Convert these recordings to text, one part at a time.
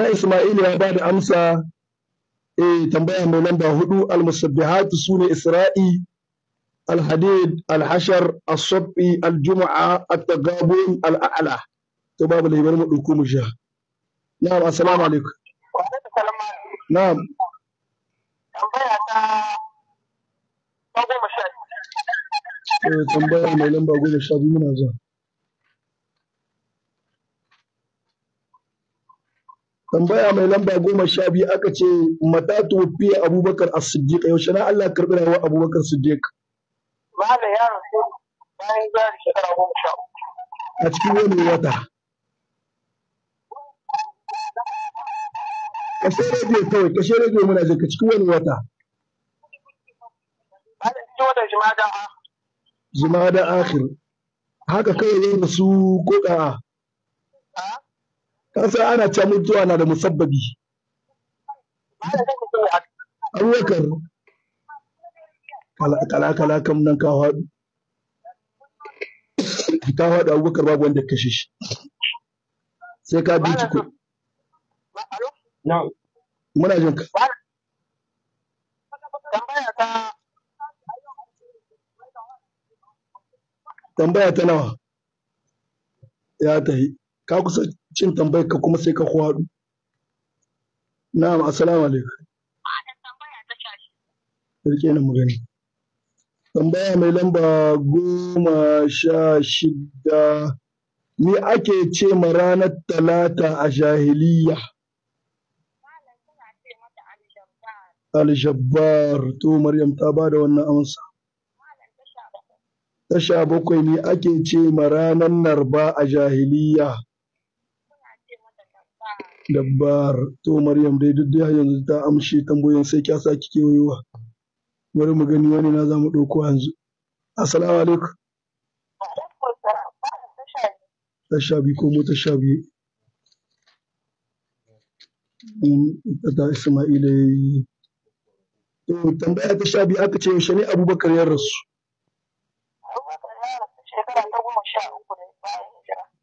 Sani Ismail ya ba da amsa eh tambaya mai lamba hudu al-musabbihatu sune Isra'i al-hadid al-hashar as-sabbi al-jum'a at-tagabun al-a'la to babu laibar mu dauko mu sha na'am assalamu alaikum na'am tambaya ta goma sha tambaya mai lamba goma sha biyu na zuwa tambaya mai lamba goma sha biyu aka ce mata fiye abubakar a siddiq yaushe na Allah karɓi rawa abubakar siddiq da ya rasu bayan zari shekara goma sha a cikin wani wata kashe rediyo kawai kashe rediyo muna jin ka cikin wani wata da akhir haka kawai ya rasu ko ka'a kasan ana ce mutuwa na da musabbabi abubakar kala-kala kam nan ka haɗu ka haɗu abubakar babu wanda kashe shi sai ka bi ko muna jin ka tambaya ta nawa ya yi ka kusa cin tambayar ka kuma sai ka kwaɗu na'am assalamu alaikum rike na magana. tambaya mai lamba goma sha shida me ake ce ma ranar talata a jahiliya aljabbar to maryam ta ba da wannan amsa tasha bakwai ne ake ce ma ranar narba a jahiliya dabbar to maryam dai duk dai yanzu ta amshi tambayoyin sai kya sa kike wayowa bari mu gani wani na zamu ɗauko yanzu assalamu alaikum ta sha biyu ko mu ta sha biyu mm, ta Ismaila ya yi. Tambaya ta sha biyu aka ce yaushe ne Abubakar ya rasu.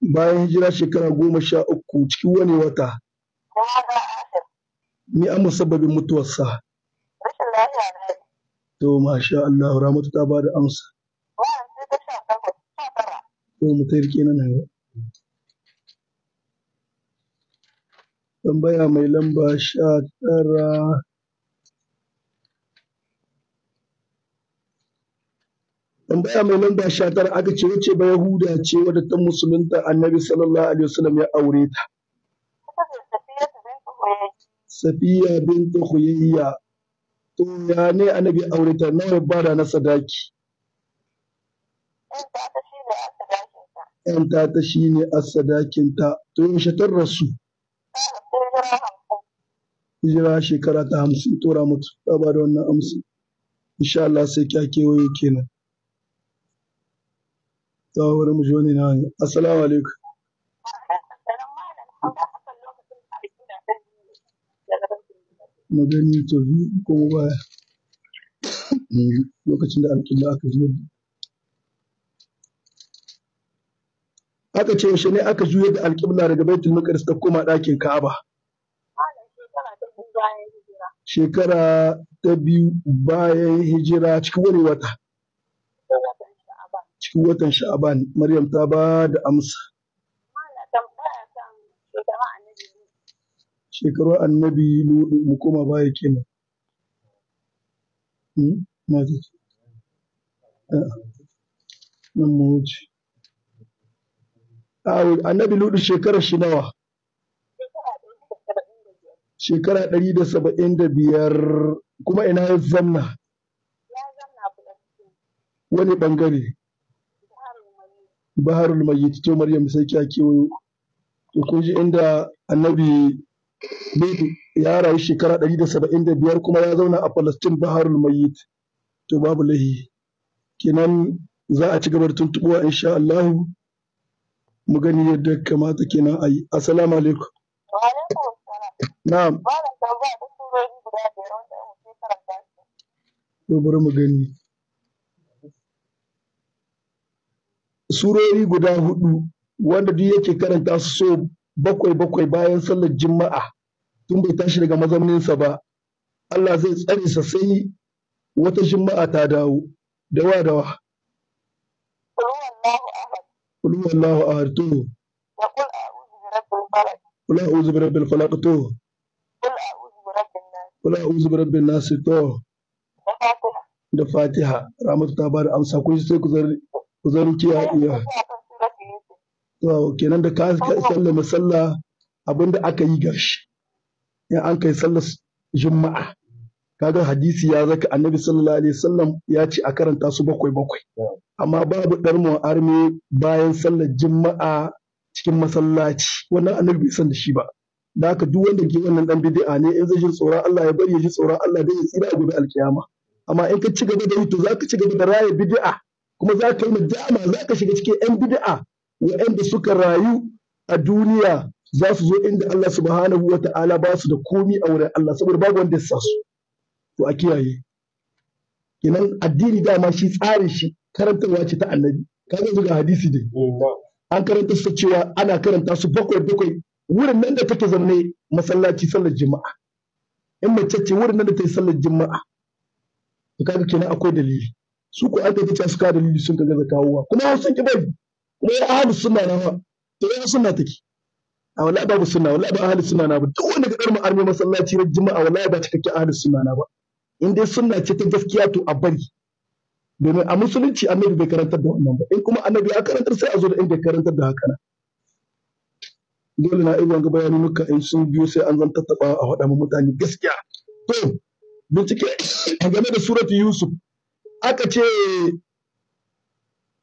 Bayan hijira shekara goma sha uku cikin wani wata. Ni an musabbabin mutuwarsa. Rashin lafiya na To masha Allah Ramatu ta da amsa. Ko mu ta rike nan ne. Tambaya mai lamba sha tara tambaya mai lamba sha tara aka ce wace ba Yahuda ce wadda ta musulunta annabi sallallahu alaihi wasallam ya aure ta. safiya binta huyayya to ya ne annabi aureta ta nawa bada na sadaki yan ta ta shi ne a sadakin ta to yaushe ta rasu hijira shekara ta hamsin tora mutu ta ba da wannan amsa insha Allah sai kya kewaye kenan ta wurin mu ji na assalamu alaikum mu gani to kuma baya lokacin da alƙilla aka zo aka ce yaushe ne aka juya da alƙibla daga baitul maqdis ta koma ɗakin ka'aba shekara ta biyu bayan hijira cikin wani wata cikin watan sha'aban maryam ta ba da amsa shekaru annabi ludu mu koma baya kenan hmm? na ji ah. nan mu wuce ah, annabi ludu shekarar shi nawa shekara ɗari da saba'in da biyar kuma ina ya zanna wani ɓangare baharul mayyit to maryam sai kya kewayo to kun ji inda annabi Bedu ya rayu shekara ɗari da saba'in da biyar kuma ya zauna a Falastin Baharul Mayyit. To babu lahi. Kenan za a ci gaba da tuntuɓuwa insha Allahu mu gani yadda kamata kenan a yi. Assalamu alaikum. Na'am. To bari mu gani. Surori guda hudu wanda duk yake karanta su so bakwai bakwai bayan sallar juma'a tun bai tashi daga mazauninsa ba Allah zai tsare sa sai wata juma'a ta dawo da wa da wa da fatiha ramatu ta ba da amsa kun sai ku zarci ya iya kenan da ka sallama abin abinda aka yi gashi in an kai sallar juma'a kaga hadisi ya zaka annabi sallallahu alaihi wasallam ya ce a karanta su bakwai bakwai amma babu mu arme bayan sallar juma'a cikin masallaci wannan annabi bai san da shi ba da haka duk wanda ke wannan dan bid'a ne in zai ji tsoron Allah ya bari ya ji tsoron Allah dai ya tsira a gobe alkiyama amma in ka ci gaba da yi to zaka ci gaba da raya bid'a kuma zaka yi nadama zaka shiga cikin yan bid'a waɗanda suka rayu a duniya za su zo inda Allah subhanahu wa ta'ala ba su da komi a wurin Allah saboda babu wanda ya su to a kiyaye kenan addini dama shi tsarin shi karantarwa ce ta annabi ka zo ga hadisi dai an karanta su cewa ana karanta su bakwai bakwai wurin nan da take zaune masallaci sallar juma'a in mace ce wurin nan da ta yi sallar juma'a to kaga kenan akwai dalili su ko aka ce suka dalili sun ga zakawa kuma sun ki wai ahlu sunna na ba, to wai sunna take a wala babu sunna wala ba ahlu sunna na ba duk wanda ka karma arme masallaci na juma'a wala ba ta kake ahlu sunna na ba in dai sunna ce ta gaskiya to a bari domin a musulunci annabi bai karantar da wannan ba in kuma annabi ya karantar sai a zo da in bai karantar da haka nan dole na iya ga bayanunuka in sun biyo sai an zan tattaɓa a faɗa mutane gaskiya to bincike game da suratu yusuf aka ce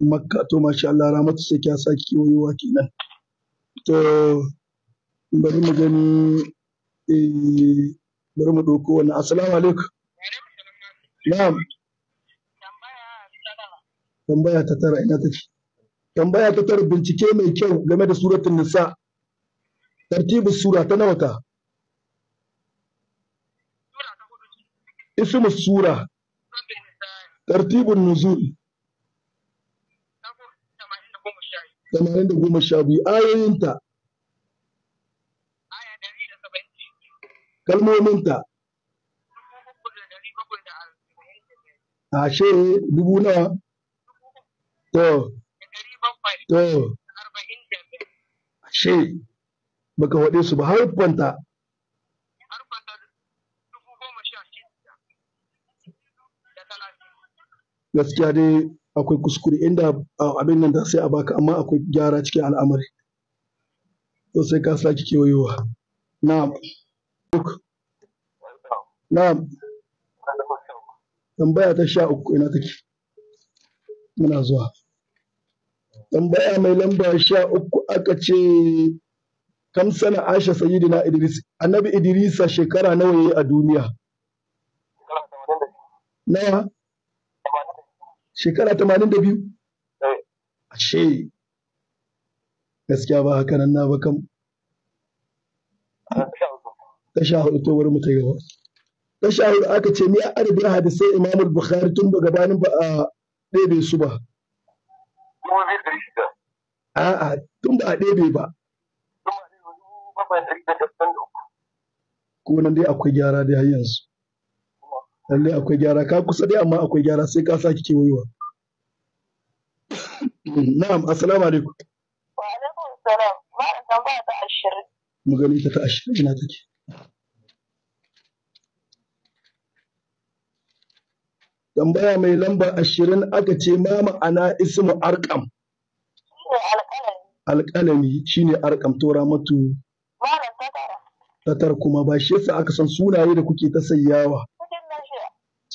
makka to masha Allah ramatu sai kya saki kewayowa kenan to bari mu gani eh, bari mu ɗauko wani assalamu alaikum na'am tambaya ta tara ina take tambaya ta tara bincike mai kyau game da suratun nisa tartibu sura ta nawa ta ismu sura tartibun nuzul tamanin da goma sha biyu ayoyinta kalmominta ashe dubu nawa to to ashe baka waɗe su ba harfanta gaskiya dai akwai kuskure inda ah, abin nan da sai a baka amma akwai gyara cikin al'amari to sai ka sake kewayowa na'am duk na'am tambaya ta sha uku ina take muna zuwa tambaya mai lamba sha uku aka ce kam sana aisha sayyidina idris annabi idrisa shekara nawa yayi a duniya na'am shekara tamanin da biyu eh. ashe gaskiya ba haka nan na ba kam ta sha hudu to wani mutum yawa ta hudu aka ce ni a adadin hadisai imamul bukhari tun da gabanin ba a ɗebe su ba a'a tun ba a ɗebe ba ko nan dai akwai gyara da yanzu lalle akwai gyara ka kusa dai amma akwai gyara sai ka sake kewayewa na'am assalamu alaikum wa alaikum salam ba ta ba ta ashirin mu gani ta ta ashirin ina take tambaya mai lamba ashirin aka ce ma ma'ana ismu arkam alƙalami shine arkam tora matu tatar kuma ba shi yasa aka san sunaye da kuke ta sayyawa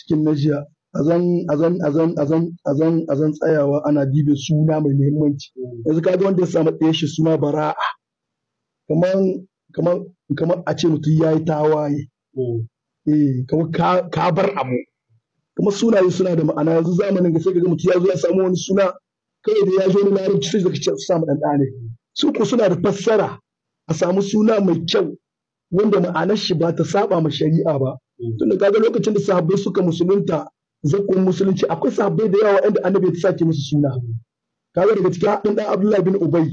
cikin najiya azan azan azan azan azan azan tsayawa ana dibe suna mai muhimmanci yanzu ga wanda ya samu ɗaya shi suna bara'a kamar kamar kamar a ce mutum ya yi tawaye eh kamar ka bar amu kuma sunaye suna da ma'ana yanzu zamanin ga sai ga mutum ya zo ya samu wani suna kai da ya zo ne larabci sai ka ce su samu ɗanɗane su ko suna da fassara a samu suna mai kyau wanda ma'anar shi ba ta saba ma shari'a ba mm. tunda kaga lokacin da sahabbai suka musulunta zakon musulunci akwai sahabbai da yawa inda annabi ya sake musu suna kaga daga cikin haɗin ɗan abdullahi bin ubay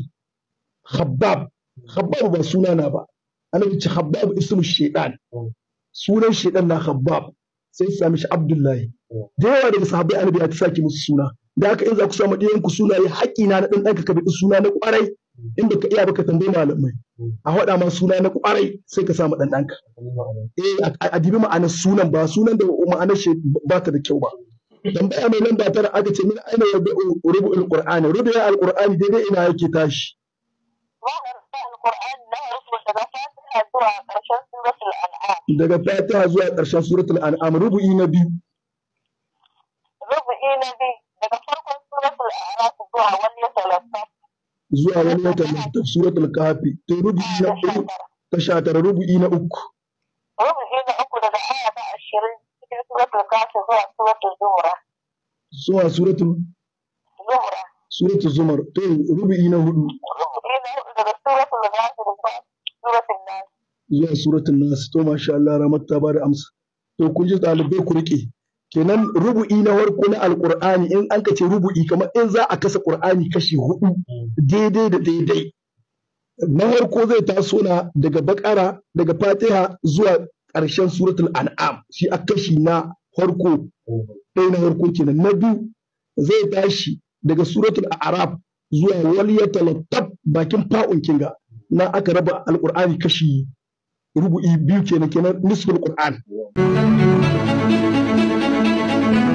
khabbab khabbab ba suna na ba annabi ce khabbab ismu shaitan mm. sunan shaitan na khabbab sai su sami shi abdullahi mm. da yawa daga sahabbai annabi ya sake musu suna da haka in za ku samu ɗiyan ku sunaye haƙƙina na ɗan ɗanka ka suna na ƙwarai in baka iya baka tambayi malamai a haɗa ma suna na kwarai sai ka samu ɗan ɗanka eh a dibi ma'anar sunan ba sunan da ma'anar shi ba ta da kyau ba Dan tambaya mai ba tare aka ce min aina ya rubu alqur'ani rubu ya alqur'ani daidai ina yake tashi daga fatiha zuwa ƙarshen suratul an'am rubu na biyu rubu na biyu daga farkon suratul an'am zuwa wani ya zuwa wani wata mai suratul kafi ta rubu'i na uku ta shatar tara rubu'i na uku rubu'i na uku daga aya ta ashirin cikin suratul kafi zuwa suratul zumura zuwa suratul zumura suratul zumar to rubu'i na hudu rubu'i na hudu daga suratul kafi zuwa suratul nas zuwa suratul nas to masha Allah ramar ta bada amsa to kun ji ɗalibai ku riƙe. kenan rubu'i na farko na Alƙur'ani, in an ce rubu'i kamar in za a kasa qur'ani kashi hudu daidai da daidai na farko zai taso na daga bakara daga fatiha zuwa ƙarshen suratul an'am shi a kashi na farko ɗaya na farko kenan na biyu zai tashi daga suratul a'raf zuwa wal tab bakin fa'un kinga na aka raba alkur'ani kashi rubu'i biyu kenan kenan nisful qur'an